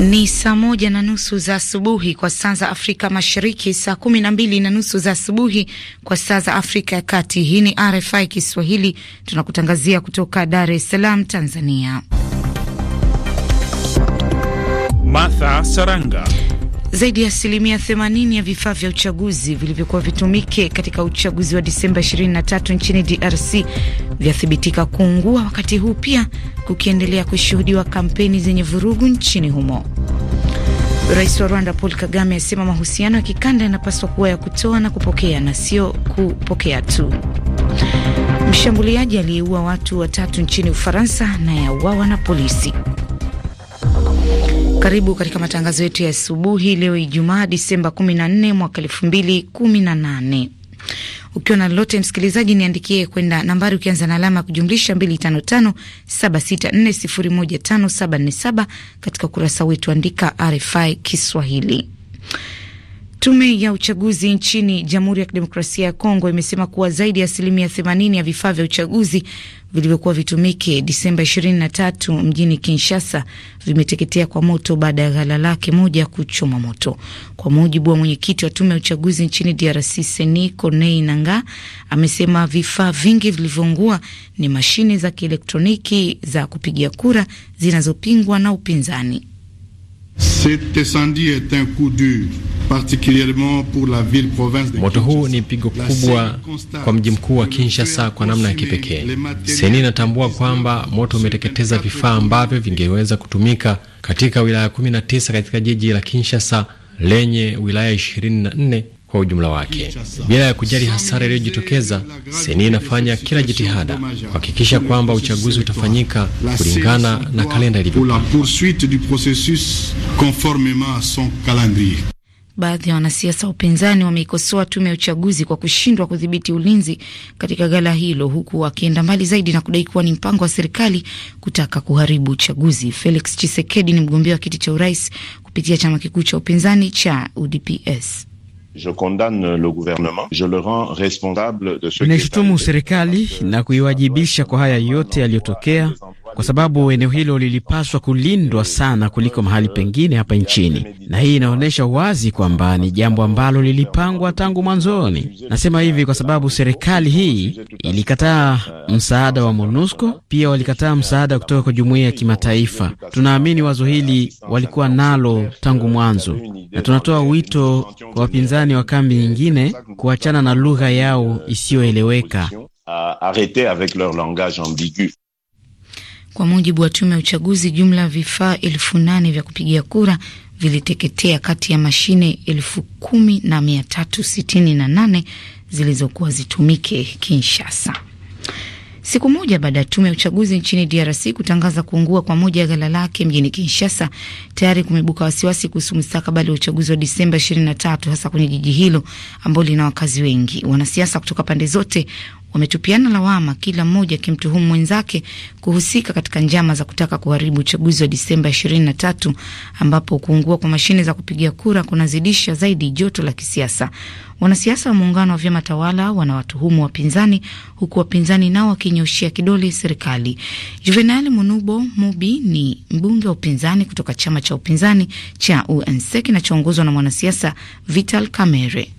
Ni saa moja na nusu za asubuhi kwa saa za Afrika Mashariki, saa kumi na mbili na nusu za asubuhi kwa saa za Afrika ya Kati. Hii ni RFI Kiswahili, tunakutangazia kutoka Dar es Salaam, Tanzania. Martha Saranga. Zaidi ya asilimia 80 ya vifaa vya uchaguzi vilivyokuwa vitumike katika uchaguzi wa Disemba 23 nchini DRC vyathibitika kuungua, wakati huu pia kukiendelea kushuhudiwa kampeni zenye vurugu nchini humo. Rais wa Rwanda Paul Kagame asema mahusiano ya kikanda yanapaswa kuwa ya kutoa na kupokea na sio kupokea tu. Mshambuliaji aliyeua watu watatu nchini Ufaransa naye auawa na polisi. Karibu katika matangazo yetu ya asubuhi leo Ijumaa, Disemba 14 mwaka 2018. Ukiwa na lolote msikilizaji, niandikie kwenda nambari ukianza na alama ya kujumlisha 255764015747 katika ukurasa wetu andika RFI Kiswahili. Tume ya uchaguzi nchini Jamhuri ya Kidemokrasia ya Kongo imesema kuwa zaidi ya asilimia 80 ya vifaa vya uchaguzi vilivyokuwa vitumike Disemba 23 mjini Kinshasa vimeteketea kwa moto baada ya ghala lake moja kuchoma moto. Kwa mujibu wa mwenyekiti wa tume ya uchaguzi nchini DRC Seni Cornei Nanga, amesema vifaa vingi vilivyoungua ni mashine za kielektroniki za kupigia kura zinazopingwa na upinzani. Moto huu ni pigo kubwa kwa mji mkuu wa Kinshasa kwa namna ya kipekee. Seni inatambua kwamba moto umeteketeza vifaa ambavyo vingeweza kutumika katika wilaya 19 katika jiji la Kinshasa lenye wilaya 24 kwa ujumla wake. Bila ya kujali hasara iliyojitokeza, seni inafanya kila jitihada kuhakikisha kwamba uchaguzi utafanyika kulingana na kalenda ilivyo. Baadhi ya wanasiasa wa upinzani wameikosoa tume ya uchaguzi kwa kushindwa kudhibiti ulinzi katika gala hilo, huku wakienda mbali zaidi na kudai kuwa ni mpango wa serikali kutaka kuharibu uchaguzi. Felix chisekedi ni mgombea wa kiti cha urais kupitia chama kikuu cha upinzani cha UDPS. Je condamne le gouvernement, je le responsable de ce. serikali na kuiwajibisha kwa haya yote yaliyotokea kwa sababu eneo hilo lilipaswa kulindwa sana kuliko mahali pengine hapa nchini, na hii inaonyesha wazi kwamba ni jambo ambalo lilipangwa tangu mwanzoni. Nasema hivi kwa sababu serikali hii ilikataa msaada wa MONUSCO, pia walikataa msaada kutoka kwa jumuiya ya kimataifa. Tunaamini wazo hili walikuwa nalo tangu mwanzo, na tunatoa wito kwa wapinzani wa kambi nyingine kuachana na lugha yao isiyoeleweka. Uh, arrêter avec leur langage ambigu. Kwa mujibu wa tume ya uchaguzi, jumla vifaa elfu nane vya kupigia kura viliteketea kati ya mashine elfu kumi na mia tatu sitini na nane zilizokuwa zitumike Kinshasa. Siku moja baada ya tume ya uchaguzi nchini DRC kutangaza kuungua kwa moja ya ghala lake mjini Kinshasa, tayari kumebuka wasiwasi kuhusu mustakabali wa uchaguzi wa Disemba 23 hasa kwenye jiji hilo ambalo lina wakazi wengi. Wanasiasa kutoka pande zote wametupiana lawama, kila mmoja akimtuhumu mwenzake kuhusika katika njama za kutaka kuharibu uchaguzi wa Disemba 23 ambapo kuungua kwa mashine za kupigia kura kunazidisha zaidi joto la kisiasa. Wanasiasa wa muungano wa vyama tawala wanawatuhumu wapinzani, huku wapinzani nao wakinyoshia kidole serikali. Juvenal Munubo Mubi ni mbunge wa upinzani kutoka chama cha upinzani cha UNC e, kinachoongozwa na mwanasiasa Vital Kamerhe.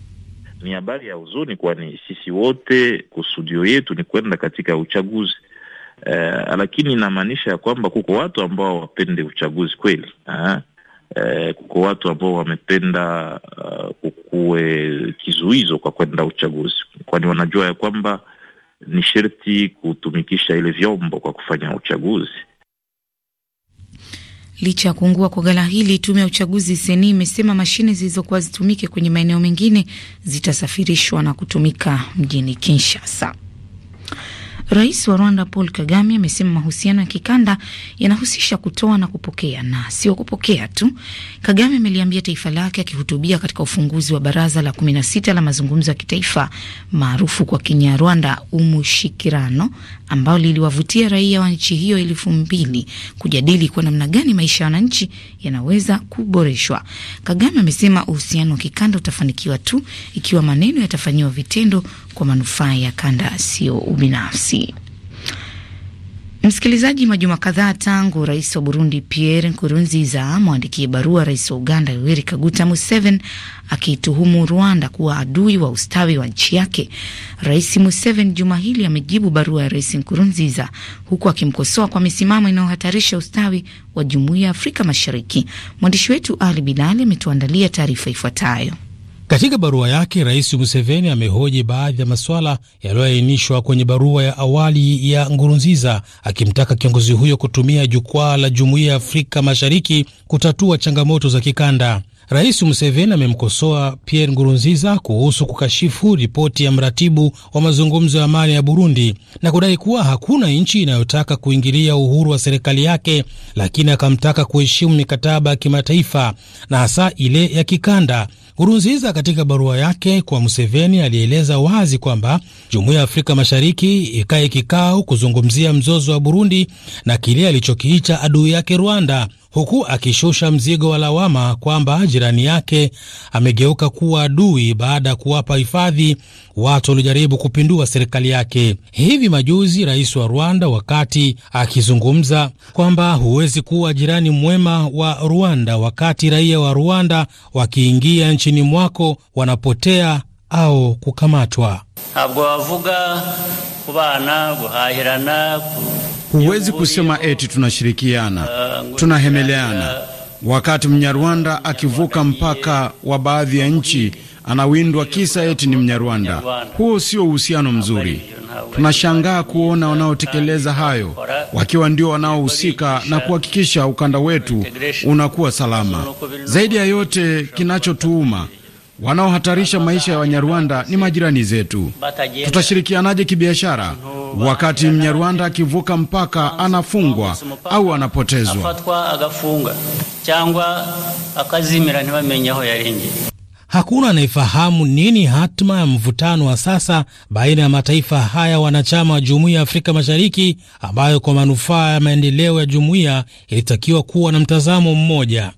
Ni habari ya huzuni, kwani sisi wote kusudio yetu ni kwenda katika uchaguzi. Uh, lakini inamaanisha ya kwamba kuko watu ambao wapende uchaguzi kweli. uh, Uh, kuko watu ambao wamependa uh, kukuwe kizuizo kwa kwenda uchaguzi, kwani wanajua ya kwamba ni sherti kutumikisha ile vyombo kwa kufanya uchaguzi. Licha ya kuungua kwa gala hili, tume ya uchaguzi seni imesema mashine zilizokuwa zitumike kwenye maeneo mengine zitasafirishwa na kutumika mjini Kinshasa. Rais wa Rwanda Paul Kagame amesema mahusiano ya kikanda yanahusisha kutoa na kupokea na sio kupokea tu. Kagame ameliambia taifa lake akihutubia katika ufunguzi wa baraza la 16 la mazungumzo ya kitaifa maarufu kwa Kinyarwanda Umushikirano ambao liliwavutia raia wa nchi hiyo elfu mbili kujadili kwa namna gani maisha ya wananchi yanaweza kuboreshwa. Kagame amesema uhusiano wa kikanda utafanikiwa tu ikiwa maneno yatafanyiwa vitendo kwa manufaa ya kanda, sio ubinafsi. Msikilizaji, majuma kadhaa tangu rais wa Burundi Pierre Nkurunziza mwandikie barua rais wa Uganda Yoweri Kaguta Museveni akiituhumu Rwanda kuwa adui wa ustawi wa nchi yake, Rais Museveni juma hili amejibu barua ya Rais Nkurunziza huku akimkosoa kwa misimamo inayohatarisha ustawi wa jumuiya ya Afrika Mashariki. Mwandishi wetu Ali Bilali ametuandalia taarifa ifuatayo. Katika barua yake, Rais Museveni amehoji baadhi ya masuala yaliyoainishwa kwenye barua ya awali ya Ngurunziza, akimtaka kiongozi huyo kutumia jukwaa la Jumuiya ya Afrika Mashariki kutatua changamoto za kikanda. Rais Museveni amemkosoa Pierre ngurunziza kuhusu kukashifu ripoti ya mratibu wa mazungumzo ya amani ya Burundi na kudai kuwa hakuna nchi inayotaka kuingilia uhuru wa serikali yake, lakini akamtaka kuheshimu mikataba ya kimataifa na hasa ile ya kikanda. ngurunziza katika barua yake kwa Museveni alieleza wazi kwamba Jumuiya ya Afrika Mashariki ikae kikao kuzungumzia mzozo wa Burundi na kile alichokiita adui yake Rwanda huku akishusha mzigo wa lawama kwamba jirani yake amegeuka kuwa adui baada ya kuwapa hifadhi watu waliojaribu kupindua serikali yake. Hivi majuzi rais wa Rwanda, wakati akizungumza kwamba huwezi kuwa jirani mwema wa Rwanda wakati raia wa Rwanda wakiingia nchini mwako wanapotea au kukamatwa. ntabwo wavuga kubana guhahirana Huwezi kusema eti tunashirikiana, tunahemeleana. Wakati Mnyarwanda akivuka mpaka wa baadhi ya nchi anawindwa kisa eti ni Mnyarwanda. Huo sio uhusiano mzuri. Tunashangaa kuona wanaotekeleza hayo wakiwa ndio wanaohusika na kuhakikisha ukanda wetu unakuwa salama. Zaidi ya yote, kinachotuuma wanaohatarisha maisha ya Wanyarwanda ni majirani zetu. Tutashirikianaje kibiashara? Wakati Mnyarwanda akivuka mpaka anafungwa au anapotezwa, hakuna anayefahamu nini hatma ya mvutano wa sasa baina ya mataifa haya wanachama wa Jumuiya ya Afrika Mashariki, ambayo kwa manufaa ya maendeleo ya jumuiya ilitakiwa kuwa na mtazamo mmoja.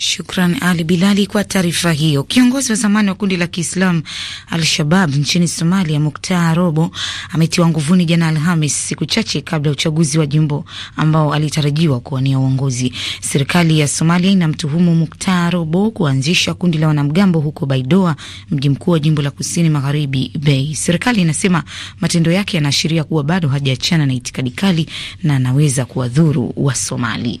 Shukran Ali Bilali kwa taarifa hiyo. Kiongozi wa zamani wa kundi la Kiislamu Al-Shabab nchini Somalia, Muktar Robo ametiwa nguvuni jana Alhamis, siku chache kabla ya uchaguzi wa jimbo ambao alitarajiwa kuwania uongozi. Serikali ya Somalia inamtuhumu Muktar Robo kuanzisha kundi la wanamgambo huko Baidoa, mji mkuu wa jimbo la kusini magharibi Bay. Serikali inasema matendo yake yanaashiria kuwa bado hajaachana na itikadi kali na anaweza kuwadhuru Wasomali.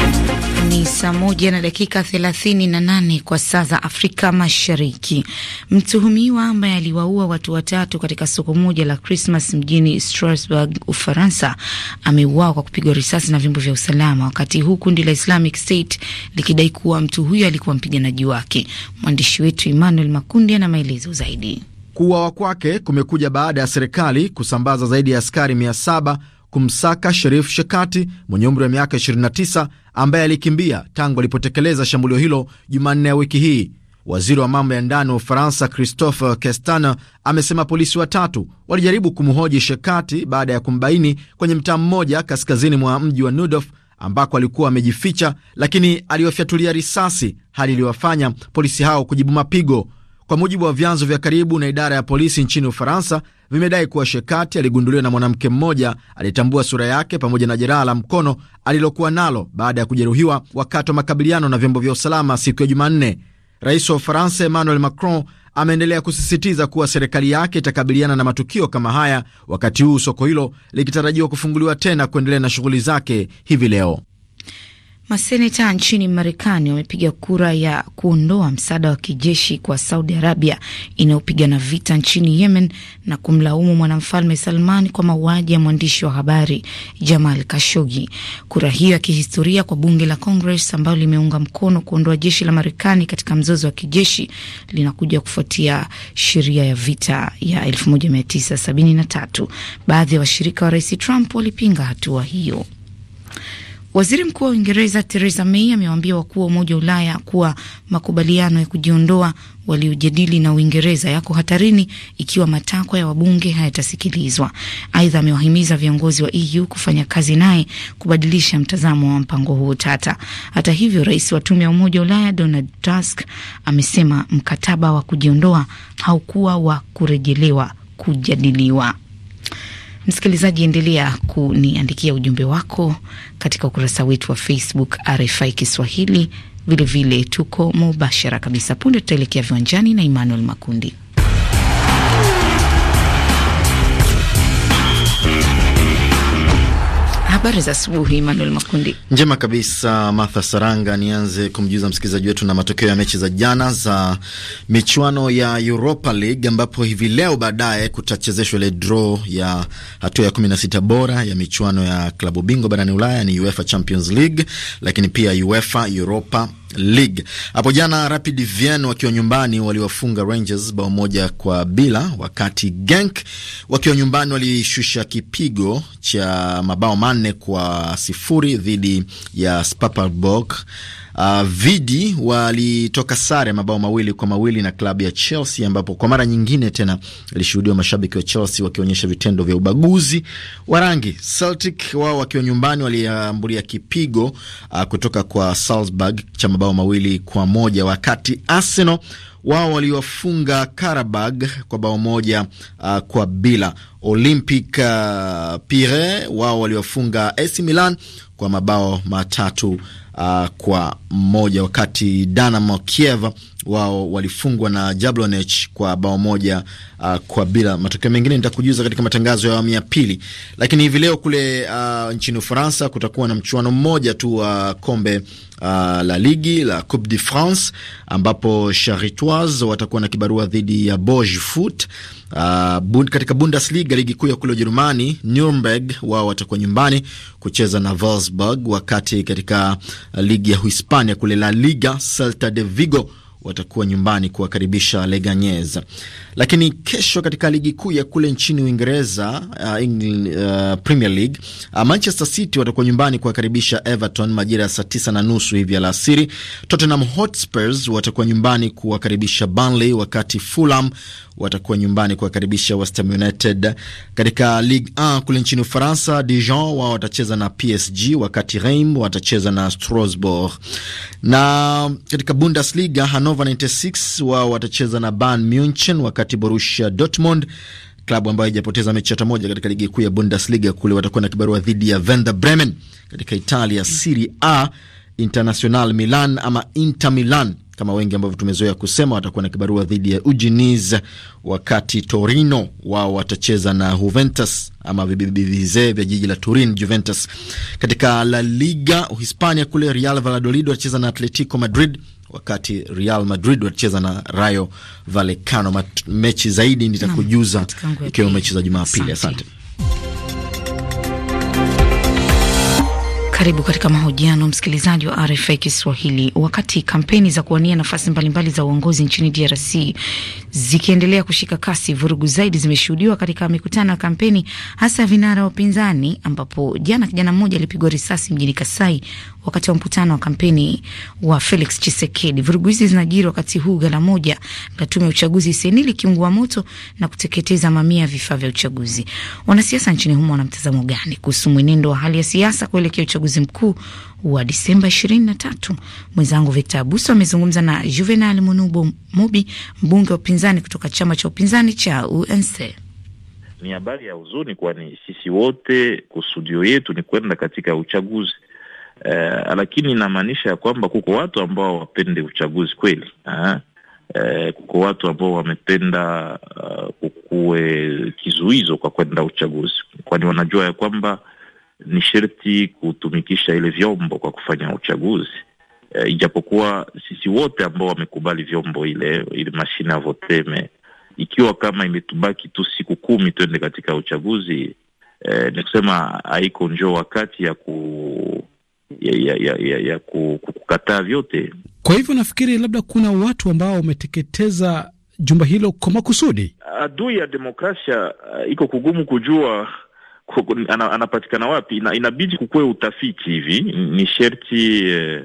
saa moja na dakika 38 kwa saa za Afrika Mashariki. Mtuhumiwa ambaye aliwaua watu watatu katika soko moja la Krismas mjini Strasbourg, Ufaransa, ameuawa kwa kupigwa risasi na vyombo vya usalama, wakati huu kundi la Islamic State likidai kuwa mtu huyo alikuwa mpiganaji wake. Mwandishi wetu Emmanuel Makundi ana maelezo zaidi. Kuuawa kwake kumekuja baada ya serikali kusambaza zaidi ya askari saba kumsaka Sherif Shekati mwenye umri wa miaka 29 ambaye alikimbia tangu alipotekeleza shambulio hilo Jumanne ya wiki hii. Waziri wa mambo ya ndani wa Ufaransa Christophe Castaner amesema polisi watatu walijaribu kumhoji Shekati baada ya kumbaini kwenye mtaa mmoja kaskazini mwa mji wa nudof ambako alikuwa amejificha, lakini aliwafyatulia risasi, hali iliyowafanya polisi hao kujibu mapigo. Kwa mujibu wa vyanzo vya karibu na idara ya polisi nchini Ufaransa, vimedai kuwa Shekati aligunduliwa na mwanamke mmoja aliyetambua sura yake pamoja na jeraha la mkono alilokuwa nalo baada ya kujeruhiwa wakati wa makabiliano na vyombo vya usalama siku ya Jumanne. Rais wa Ufaransa Emmanuel Macron ameendelea kusisitiza kuwa serikali yake itakabiliana na matukio kama haya, wakati huu soko hilo likitarajiwa kufunguliwa tena kuendelea na shughuli zake hivi leo. Maseneta nchini Marekani wamepiga kura ya kuondoa msaada wa kijeshi kwa Saudi Arabia inayopigana vita nchini Yemen na kumlaumu mwanamfalme Salman kwa mauaji ya mwandishi wa habari Jamal kashogi Kura hiyo ya kihistoria kwa bunge la Congress ambalo limeunga mkono kuondoa jeshi la Marekani katika mzozo wa kijeshi linakuja kufuatia sheria ya vita ya 1973. Baadhi ya wa washirika wa rais Trump walipinga hatua hiyo. Waziri Mkuu wa Uingereza Theresa May amewaambia wakuu wa Umoja wa Ulaya kuwa makubaliano ya kujiondoa waliojadili na Uingereza yako hatarini ikiwa matakwa ya wabunge hayatasikilizwa. Aidha, amewahimiza viongozi wa EU kufanya kazi naye kubadilisha mtazamo wa mpango huo tata. Hata hivyo, rais wa tume ya Umoja wa Ulaya Donald Tusk amesema mkataba wa kujiondoa haukuwa wa kurejelewa kujadiliwa. Msikilizaji, endelea kuniandikia ujumbe wako katika ukurasa wetu wa Facebook RFI Kiswahili. Vilevile vile tuko mubashara kabisa. Punde tutaelekea viwanjani na Emmanuel Makundi. Habari za asubuhi, Emmanuel Makundi. Njema kabisa, Martha Saranga. Nianze kumjuza msikilizaji wetu na matokeo ya mechi za jana za michuano ya Europa League, ambapo hivi leo baadaye kutachezeshwa ile draw ya hatua ya 16 bora ya michuano ya klabu bingwa barani Ulaya, ni UEFA Champions League, lakini pia UEFA Europa League. Hapo jana Rapid Vienna wakiwa nyumbani waliwafunga Rangers bao moja kwa bila, wakati Genk wakiwa nyumbani walishusha kipigo cha mabao manne kwa sifuri dhidi ya Spapelberg Uh, Vidi walitoka sare mabao mawili kwa mawili na klabu ya Chelsea, ambapo kwa mara nyingine tena alishuhudiwa mashabiki wa Chelsea wakionyesha vitendo vya ubaguzi wa rangi. Celtic wao wakiwa nyumbani waliambulia kipigo uh, kutoka kwa Salzburg cha mabao mawili kwa moja, wakati Arsenal wao waliwafunga Karabag kwa bao moja uh, kwa bila. Olympic uh, Pire wao waliwafunga AC Milan kwa mabao matatu uh, kwa mmoja, wakati Dinamo Kiev wao walifungwa na Jablonec kwa bao moja uh, kwa bila. Matokeo mengine nitakujuza katika matangazo ya awamu ya pili, lakini hivi leo kule uh, nchini Ufaransa kutakuwa na mchuano mmoja tu wa uh, kombe Uh, la ligi la Coupe de France ambapo Charitois watakuwa na kibarua dhidi ya Bosch Foot. Uh, bund, katika Bundesliga ligi kuu ya kule Ujerumani, Nuremberg wao watakuwa nyumbani kucheza na Wolfsburg, wakati katika uh, ligi ya Hispania kule La Liga Celta de Vigo watakuwa nyumbani kuwakaribisha Leganyes. Lakini kesho katika ligi kuu ya kule nchini Uingereza, uh, uh, Premier League, uh, Manchester City watakuwa nyumbani kuwakaribisha Everton majira ya saa tisa na nusu hivi alasiri. Tottenham Hotspurs watakuwa nyumbani kuwakaribisha Burnley, wakati Fulham watakuwa nyumbani kuwakaribisha West Ham United. Katika Ligue 1 kule nchini Ufaransa, Dijon wao watacheza na PSG, wakati Reims watacheza na Strasbourg. Na katika Bundesliga Hannover Nova 96 wao watacheza na Bayern Munchen, wakati Borussia Dortmund klabu ambayo haijapoteza mechi hata moja katika ligi kuu ya Bundesliga kule watakuwa na kibarua dhidi ya Werder Bremen. Katika Italia Serie A, International Milan ama Inter Milan kama wengi ambavyo tumezoea kusema watakuwa na kibarua dhidi ya Udinese, wakati Torino wao watacheza na Juventus ama vibibi vizee vya jiji la Turin, Juventus. Katika La Liga Uhispania kule Real Valladolid watacheza na Atletico Madrid wakati Real Madrid watacheza na Rayo Vallecano. Mechi zaidi nitakujuza ikiwemo mechi za Jumapili. Asante. Karibu katika mahojiano msikilizaji wa RFI Kiswahili. Wakati kampeni za kuwania nafasi mbalimbali za uongozi nchini DRC zikiendelea kushika kasi, vurugu zaidi zimeshuhudiwa katika mikutano ya kampeni, hasa vinara wa upinzani, ambapo jana kijana mmoja alipigwa risasi mjini Kasai wakati wa mkutano wa kampeni wa Felix Chisekedi. Vurugu hizi zinajiri wakati huu gala moja la tume ya uchaguzi seni likiungua moto na kuteketeza mamia ya vifaa vya uchaguzi. Wanasiasa nchini humo wana mtazamo gani kuhusu mwenendo wa hali ya siasa kuelekea uchaguzi mkuu wa Disemba 23. Mwenzangu Victor Abuso amezungumza na Juvenal Munubo Mubi, mbunge wa upinzani kutoka chama cha upinzani cha UNC. Ni habari ya huzuni, kwani sisi wote kusudio yetu ni kwenda katika uchaguzi. Uh, lakini inamaanisha ya kwamba kuko watu ambao wapende uchaguzi kweli. Uh, kuko watu ambao wamependa uh, kukuwe kizuizo kwa kwenda uchaguzi, kwani wanajua ya kwamba ni sherti kutumikisha ile vyombo kwa kufanya uchaguzi e, ijapokuwa sisi wote ambao wamekubali vyombo ile ile mashine ya voteme, ikiwa kama imetubaki tu siku kumi twende katika uchaguzi e, ni kusema haiko njoo wakati ya ku ya, ya, ya, ya, ya kukataa vyote. Kwa hivyo nafikiri labda kuna watu ambao wameteketeza jumba hilo kwa makusudi. Adui ya demokrasia e, iko kugumu kujua anapatikana wapi? Ina, inabidi kukuwe utafiti hivi, ni sherti eh,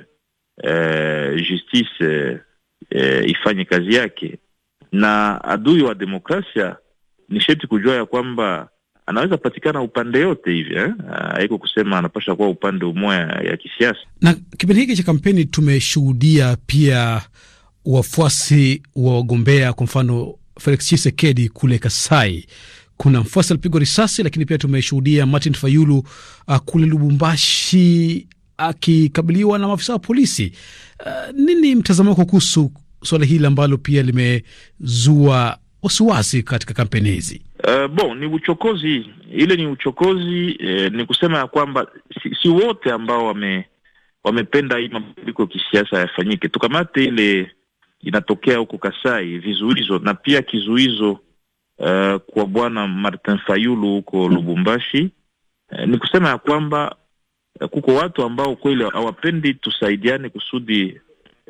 eh, justice eh, eh, ifanye kazi yake, na adui wa demokrasia ni sherti kujua ya kwamba anaweza patikana upande yote hivi eh? aiko kusema anapasha kuwa upande umoya ya kisiasa. Na kipindi hiki cha kampeni tumeshuhudia pia wafuasi wa wagombea, kwa mfano Felix chisekedi kule Kasai kuna mfuasi alipigwa risasi, lakini pia tumeshuhudia Martin Fayulu uh, kule Lubumbashi akikabiliwa na maafisa wa polisi. Uh, nini mtazamo wako kuhusu suala hili ambalo pia limezua wasiwasi katika kampeni hizi? Uh, bon, ni uchokozi, ile ni uchokozi eh, ni kusema ya kwamba si, si wote ambao wame wamependa hii mabadiliko ya kisiasa yafanyike. Tukamate ile inatokea huko Kasai, vizuizo na pia kizuizo uh, kwa bwana Martin Fayulu huko Lubumbashi. Uh, ni kusema ya kwamba uh, kuko watu ambao kweli hawapendi tusaidiane kusudi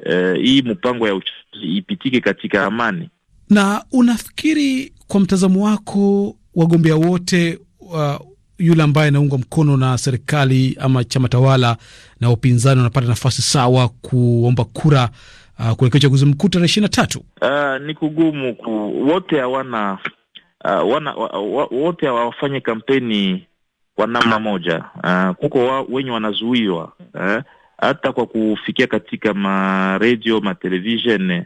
uh, hii mpango ya uchaguzi ipitike katika amani. Na unafikiri kwa mtazamo wako wagombea wote wa yule ambaye anaungwa mkono na serikali ama chama tawala na upinzani wanapata nafasi sawa kuomba kura uh, kuelekea uchaguzi mkuu tarehe ishirini na tatu. Uh, ni kugumu ku, wote hawana uh, wana, wote hawafanye kampeni kwa namna moja uh, kuko wa, wenye wanazuiwa uh, hata kwa kufikia katika maredio matelevishen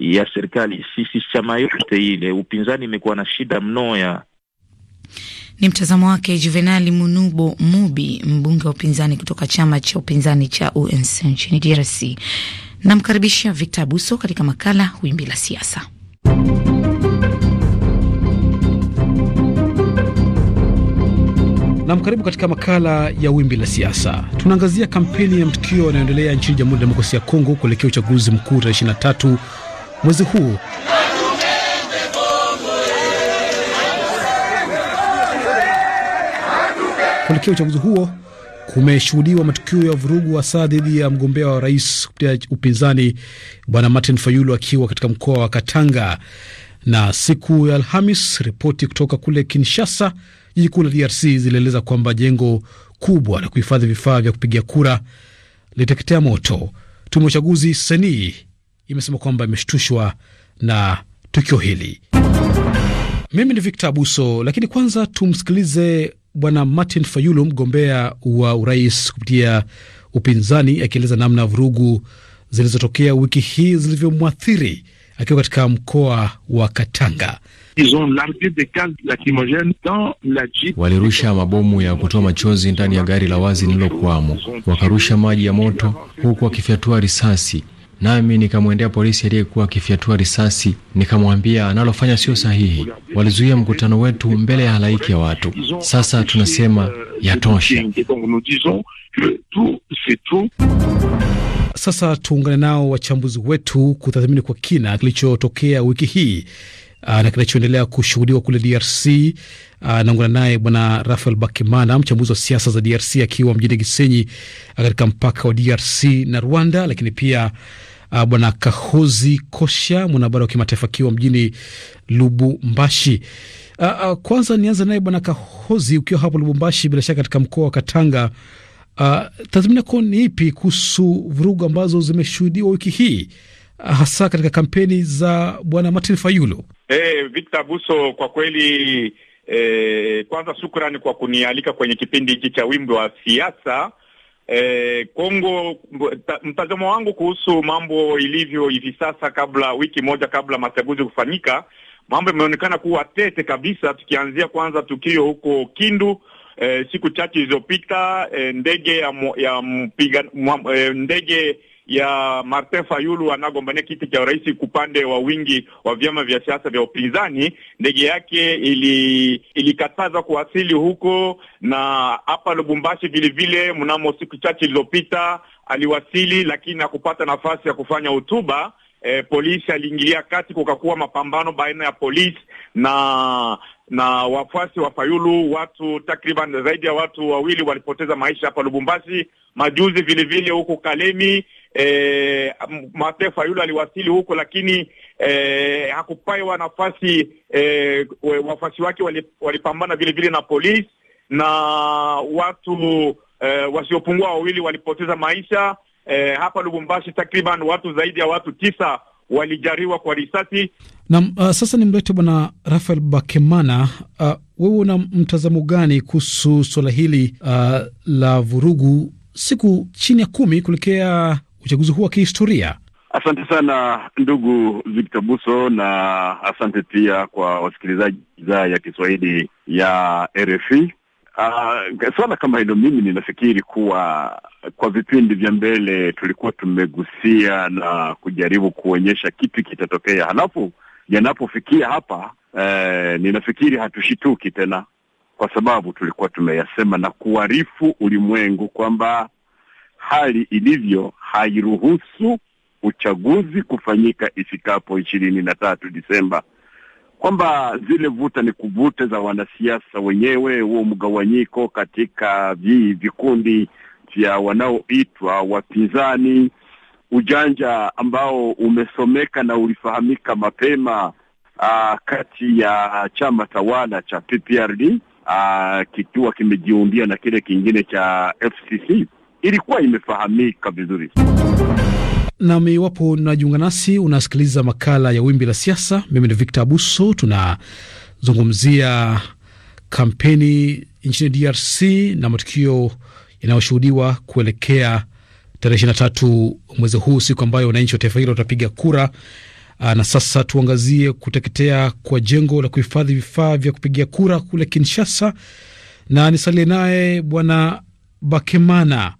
ya serikali. Sisi chama yote ile upinzani imekuwa na shida mno ya ni mtazamo wake Juvenali Munubo Mubi, mbunge wa upinzani kutoka chama cha upinzani cha UNC nchini DRC. Namkaribisha Victor Abuso katika makala Wimbi la Siasa. Namkaribu katika makala ya Wimbi la Siasa. Tunaangazia kampeni ya mtukio yanayoendelea nchini Jamhuri ya Demokrasia ya Kongo kuelekea uchaguzi mkuu tarehe 23 mwezi huu. Kuelekea uchaguzi huo kumeshuhudiwa matukio ya vurugu hasa dhidi ya mgombea wa rais kupitia upinzani Bwana Martin Fayulu akiwa katika mkoa wa Katanga. Na siku ya Alhamis, ripoti kutoka kule Kinshasa, jiji kuu la DRC, zilieleza kwamba jengo kubwa la kuhifadhi vifaa vya kupigia kura liteketea moto. Tume ya uchaguzi seni imesema kwamba imeshtushwa na tukio hili. Mimi ni Victor Abuso, lakini kwanza tumsikilize Bwana Martin Fayulu, mgombea wa urais kupitia upinzani, akieleza namna vurugu zilizotokea wiki hii zilivyomwathiri akiwa katika mkoa wa Katanga. Walirusha mabomu ya kutoa machozi ndani ya gari la wazi lililokwamo, wakarusha maji ya moto huku wakifyatua risasi nami nikamwendea polisi aliyekuwa akifyatua risasi, nikamwambia analofanya sio sahihi. Walizuia mkutano wetu mbele ya halaiki ya watu. Sasa tunasema yatosha. Sasa tuungane nao wachambuzi wetu kutathmini kwa kina kilichotokea wiki hii ah, na kinachoendelea kushuhudiwa kule DRC. Ah, naungana naye Bwana Rafael Bakimana, mchambuzi wa siasa za DRC akiwa mjini Gisenyi ah, katika mpaka wa DRC na Rwanda, lakini pia uh, bwana Kahozi Kosha, mwanahabari wa kimataifa akiwa mjini Lubumbashi. Uh, uh, kwanza nianze naye bwana Kahozi, ukiwa hapo Lubumbashi, bila shaka katika mkoa wa Katanga, uh, tathmini yako ni ipi kuhusu vurugu ambazo zimeshuhudiwa wiki hii uh, hasa katika kampeni za bwana Martin Fayulu. Hey, eh, Victor Buso, kwa kweli eh, kwanza shukrani kwa kunialika kwenye kipindi hiki cha wimbi wa siasa. E, Kongo, mtazamo wangu kuhusu mambo ilivyo hivi sasa, kabla wiki moja kabla machaguzi kufanyika, mambo imeonekana kuwa tete kabisa, tukianzia kwanza tukio huko Kindu e, siku chache zilizopita e, ndege ya, ya mpiga ndege ya Martin Fayulu anagombania kiti cha urais kupande wa wingi wa vyama vya siasa vya upinzani, ndege yake ili ilikataza kuwasili huko na hapa Lubumbashi vilevile. Mnamo siku chache ilizopita aliwasili, lakini hakupata nafasi ya kufanya hotuba. E, polisi aliingilia kati, kukakuwa mapambano baina ya polisi na na wafuasi wa Fayulu. Watu takriban zaidi ya watu wawili walipoteza maisha hapa Lubumbashi majuzi, vilevile huko Kalemi e, yule aliwasili huko, lakini e, eh, hakupewa nafasi e, wafasi wake walipambana vile vile na polisi na watu e, wasiopungua wawili walipoteza maisha. E, hapa Lubumbashi takriban watu zaidi ya watu tisa walijariwa kwa risasi na uh, sasa mlete Bwana Rafael Bakemana. Uh, wewe una mtazamo gani kuhusu suala hili uh, la vurugu siku chini ya kumi kuelekea uchaguzi huu wa kihistoria? Asante sana ndugu Victor Buso, na asante pia kwa wasikilizaji idhaa ya Kiswahili ya RFI. Uh, ah, swala kama hilo mimi ninafikiri kuwa kwa vipindi vya mbele tulikuwa tumegusia na kujaribu kuonyesha kipi kitatokea, halafu yanapofikia hapa eh, ninafikiri hatushituki tena, kwa sababu tulikuwa tumeyasema na kuarifu ulimwengu kwamba hali ilivyo hairuhusu uchaguzi kufanyika ifikapo ishirini na tatu Disemba, kwamba zile vuta ni kuvute za wanasiasa wenyewe, huo mgawanyiko katika vi vikundi vya wanaoitwa wapinzani, ujanja ambao umesomeka na ulifahamika mapema aa, ah, kati ya chama tawala cha PPRD ah, kikiwa kimejiundia na kile kingine cha FCC ilikuwa imefahamika vizuri. Nam, iwapo najiunga nasi, unasikiliza makala ya Wimbi la Siasa. Mimi ni Victor Abuso. Tunazungumzia kampeni nchini DRC na matukio yanayoshuhudiwa kuelekea tarehe tatu mwezi huu, siku ambayo wananchi wa taifa hilo watapiga kura. Ah, na sasa tuangazie kuteketea kwa jengo la kuhifadhi vifaa vya kupigia kura kule Kinshasa, na nisalie naye Bwana Bakemana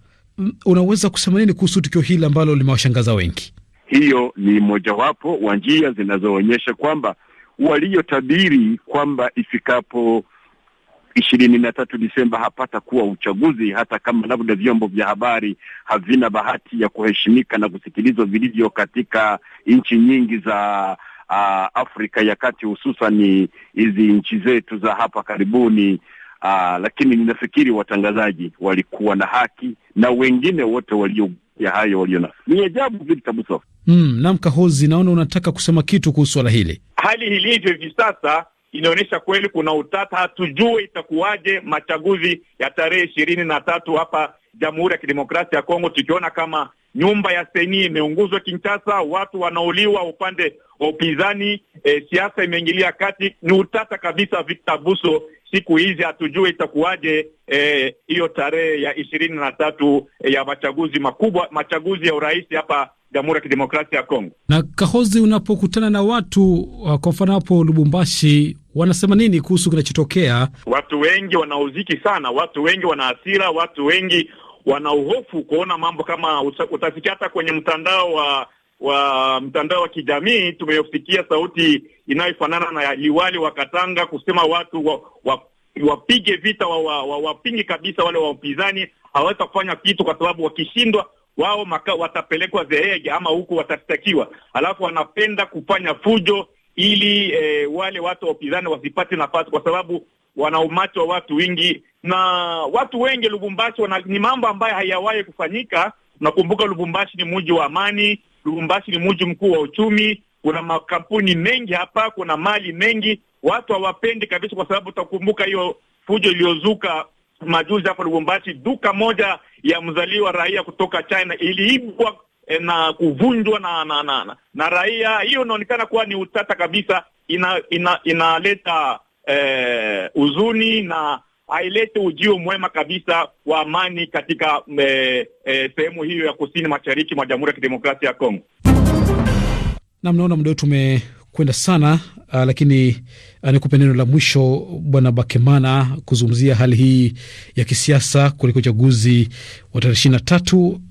unaweza kusema nini kuhusu tukio hili ambalo limewashangaza wengi? Hiyo ni mojawapo wa njia zinazoonyesha kwamba waliotabiri kwamba ifikapo ishirini na tatu Disemba hapata kuwa uchaguzi, hata kama labda vyombo vya habari havina bahati ya kuheshimika na kusikilizwa vilivyo katika nchi nyingi za uh, Afrika ya Kati, hususan hizi nchi zetu za hapa karibuni Aa, ah, lakini ninafikiri watangazaji walikuwa na haki na wengine wote walio ya hayo waliona ni ajabu vile kabisa. Mm, Naam, Kahozi, naona unataka kusema kitu kuhusu swala hili. Hali ilivyo hivi sasa inaonyesha kweli kuna utata, hatujue itakuwaje machaguzi ya tarehe ishirini na tatu hapa Jamhuri ya Kidemokrasia ya Kongo, tukiona kama nyumba ya seni imeunguzwa Kinshasa, watu wanauliwa upande wa upinzani, e, siasa imeingilia kati. Ni utata kabisa, Victor Buso, siku hizi hatujui itakuwaje eh, hiyo e, tarehe ya ishirini na tatu eh, ya machaguzi makubwa, machaguzi ya urais hapa Jamhuri ya Kidemokrasia ya Kongo. Na Kahozi, unapokutana na watu uh, kwa mfano hapo Lubumbashi, wanasema nini kuhusu kinachotokea? Watu wengi wanauziki sana, watu wengi wana hasira, watu wengi wana uhofu kuona mambo kama, utafikia hata kwenye mtandao wa wa mtandao wa kijamii tumeyofikia sauti inayofanana na liwali wa Katanga kusema watu wa, wa, wapige vita wa, wa, wa, wapingi kabisa wale wa upinzani hawaweza kufanya kitu kwa sababu wakishindwa wao maka, watapelekwa zehege ama huku watashtakiwa. Alafu wanapenda kufanya fujo ili e, wale watu wa upinzani wasipate nafasi, kwa sababu wana umati wa watu wengi na watu wengi Lubumbashi wana, ni mambo ambayo hayawahi kufanyika. Nakumbuka Lubumbashi ni mji wa amani Lubumbashi ni mji mkuu wa uchumi, kuna makampuni mengi hapa, kuna mali mengi. Watu hawapendi kabisa, kwa sababu utakumbuka hiyo fujo iliyozuka majuzi hapa Lubumbashi, duka moja ya mzaliwa raia kutoka China iliibwa eh, na kuvunjwa na na, na, na na raia. Hiyo inaonekana kuwa ni utata kabisa, inaleta ina, ina eh, huzuni na ailete ujio mwema kabisa wa amani katika e, e, sehemu hiyo ya kusini mashariki mwa Jamhuri ya Kidemokrasia ya Kongo. Nam, naona muda wetu umekwenda sana a, ah, lakini ah, nikupe neno la mwisho Bwana Bakemana kuzungumzia hali hii ya kisiasa kuliko uchaguzi wa tarehe ishirini na tatu.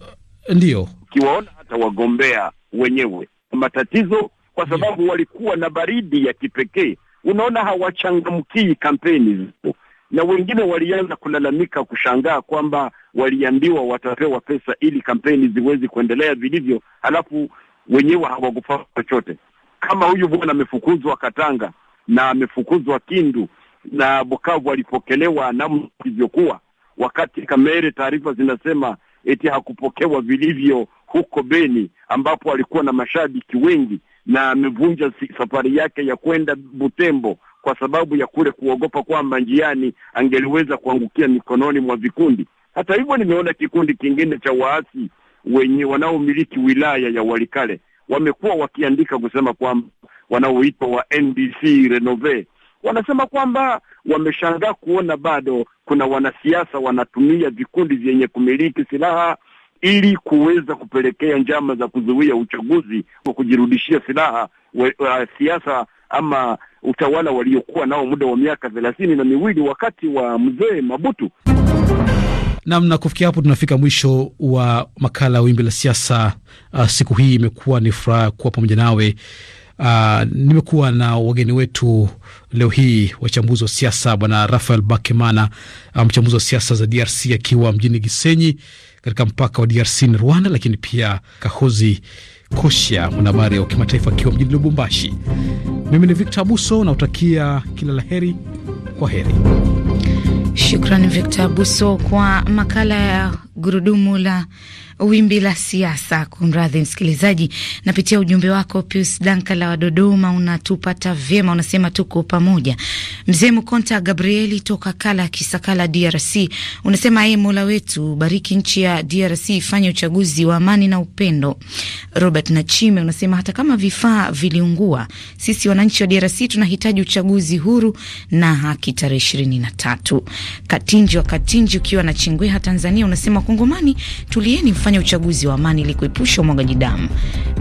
Ndiyo ukiwaona hata wagombea wenyewe matatizo, kwa sababu yeah, walikuwa na baridi ya kipekee. Unaona hawachangamkii kampeni zipo na wengine walianza kulalamika, kushangaa kwamba waliambiwa watapewa pesa ili kampeni ziwezi kuendelea vilivyo, halafu wenyewe hawakufaa chochote. Kama huyu bwana amefukuzwa Katanga na amefukuzwa Kindu na Bukavu, alipokelewa namna ilivyokuwa, wakati Kamere taarifa zinasema eti hakupokewa vilivyo huko Beni ambapo alikuwa na mashabiki wengi na amevunja safari yake ya kwenda Butembo kwa sababu ya kule kuogopa kwamba njiani angeliweza kuangukia mikononi mwa vikundi. Hata hivyo, nimeona kikundi kingine cha waasi wenye wanaomiliki wilaya ya Walikale wamekuwa wakiandika kusema kwamba wanaoitwa wa NDC Renove wanasema kwamba wameshangaa kuona bado kuna wanasiasa wanatumia vikundi vyenye kumiliki silaha ili kuweza kupelekea njama za kuzuia uchaguzi kwa kujirudishia silaha we, uh, siasa ama utawala waliokuwa nao muda wa miaka thelathini na miwili wakati wa mzee Mabutu. Nam, na kufikia hapo tunafika mwisho wa makala ya wimbi la siasa. Uh, siku hii imekuwa ni furaha kuwa pamoja nawe. Uh, nimekuwa na wageni wetu leo hii wachambuzi wa siasa, bwana Rafael Bakemana, ah, mchambuzi um, wa siasa za DRC akiwa mjini Gisenyi katika mpaka wa DRC na Rwanda, lakini pia Kahozi Kosha, mwanahabari wa kimataifa akiwa mjini Lubumbashi. Mimi ni Victor Abuso, nautakia kila la heri. Kwa heri. shukran Victor Abuso kwa makala ya gurudumu la wimbi la siasa. Kumradhi msikilizaji, napitia ujumbe wako. Pius Dankala wa Dodoma, unatupata vyema, unasema tuko pamoja. Mzee Mkonta Gabrieli toka Kala Kisakala, DRC, unasema ee, Mola wetu bariki nchi ya DRC, ifanye uchaguzi wa amani na upendo. Robert Nachime unasema hata kama vifaa viliungua, sisi wananchi wa DRC tunahitaji uchaguzi huru na haki tarehe ishirini na tatu. Katinji wa Katinji ukiwa na Chingweha, Tanzania, unasema Kongomani tulieni mfanya kufanya uchaguzi wa amani ili kuepusha umwagaji damu.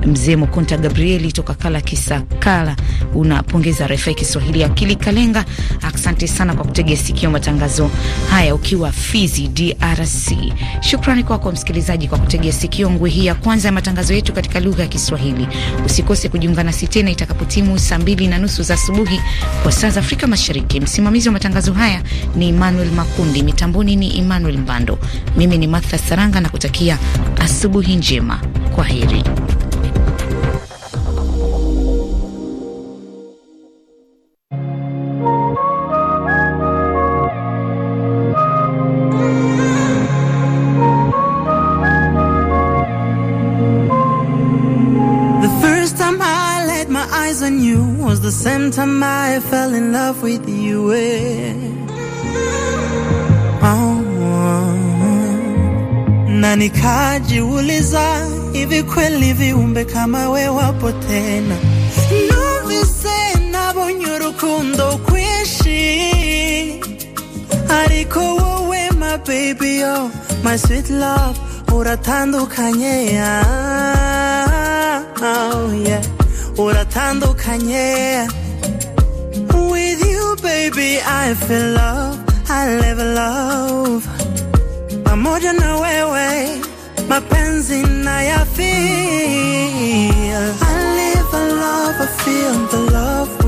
Mzee Mokonta Gabrieli toka Kala Kisakala unapongeza RFI Kiswahili. ya Akili Kalenga, asante sana kwa kutegea sikio matangazo haya ukiwa Fizi, DRC. Shukrani kwako kwa msikilizaji kwa kutegea sikio ngwe hii ya kwanza ya matangazo yetu katika lugha ya Kiswahili. Usikose kujiunga nasi tena itakapotimu saa mbili na nusu za asubuhi kwa saa za Afrika Mashariki. Msimamizi wa matangazo haya ni Emmanuel Makundi, mitamboni ni Emmanuel Mbando, mimi ni Martha Saranga na kutakia Asubuhi njema, kwa heri. same time I fell in love with you. Eh? Oh. na nikajiuliza, hivi kweli viumbe kama we wapo tena? numvise nabonye urukundo kwinshi ariko wowe my baby yo oh, my sweet love uratandukanye oh, yeah. uratandukanye with you baby I feel love I live love pamoja na wewe, mapenzi na yafeel. I live a love, I feel the love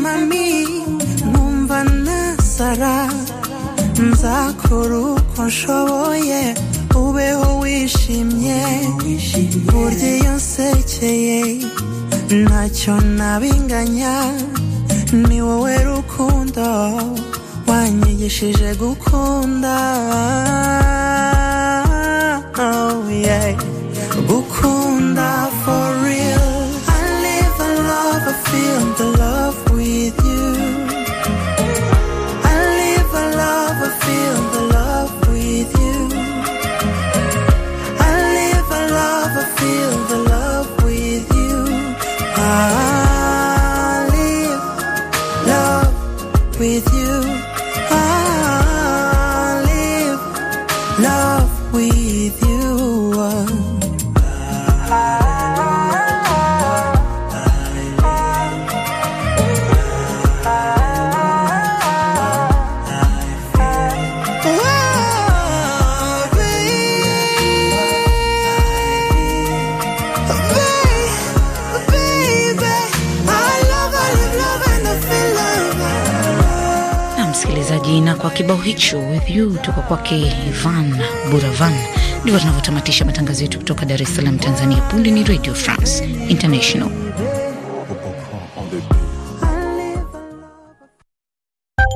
mami numva nasara nzakora uko nshoboye ubeho wishimye burya iyo nsekeye ntacyo nabinganya ni wowe rukundo wanyigishije gukunda oh, gukunda for you toka kwake ivan Buravan. Ndivyo tunavyotamatisha matangazo yetu kutoka Dar es Salaam, Tanzania. Punde ni Radio France International.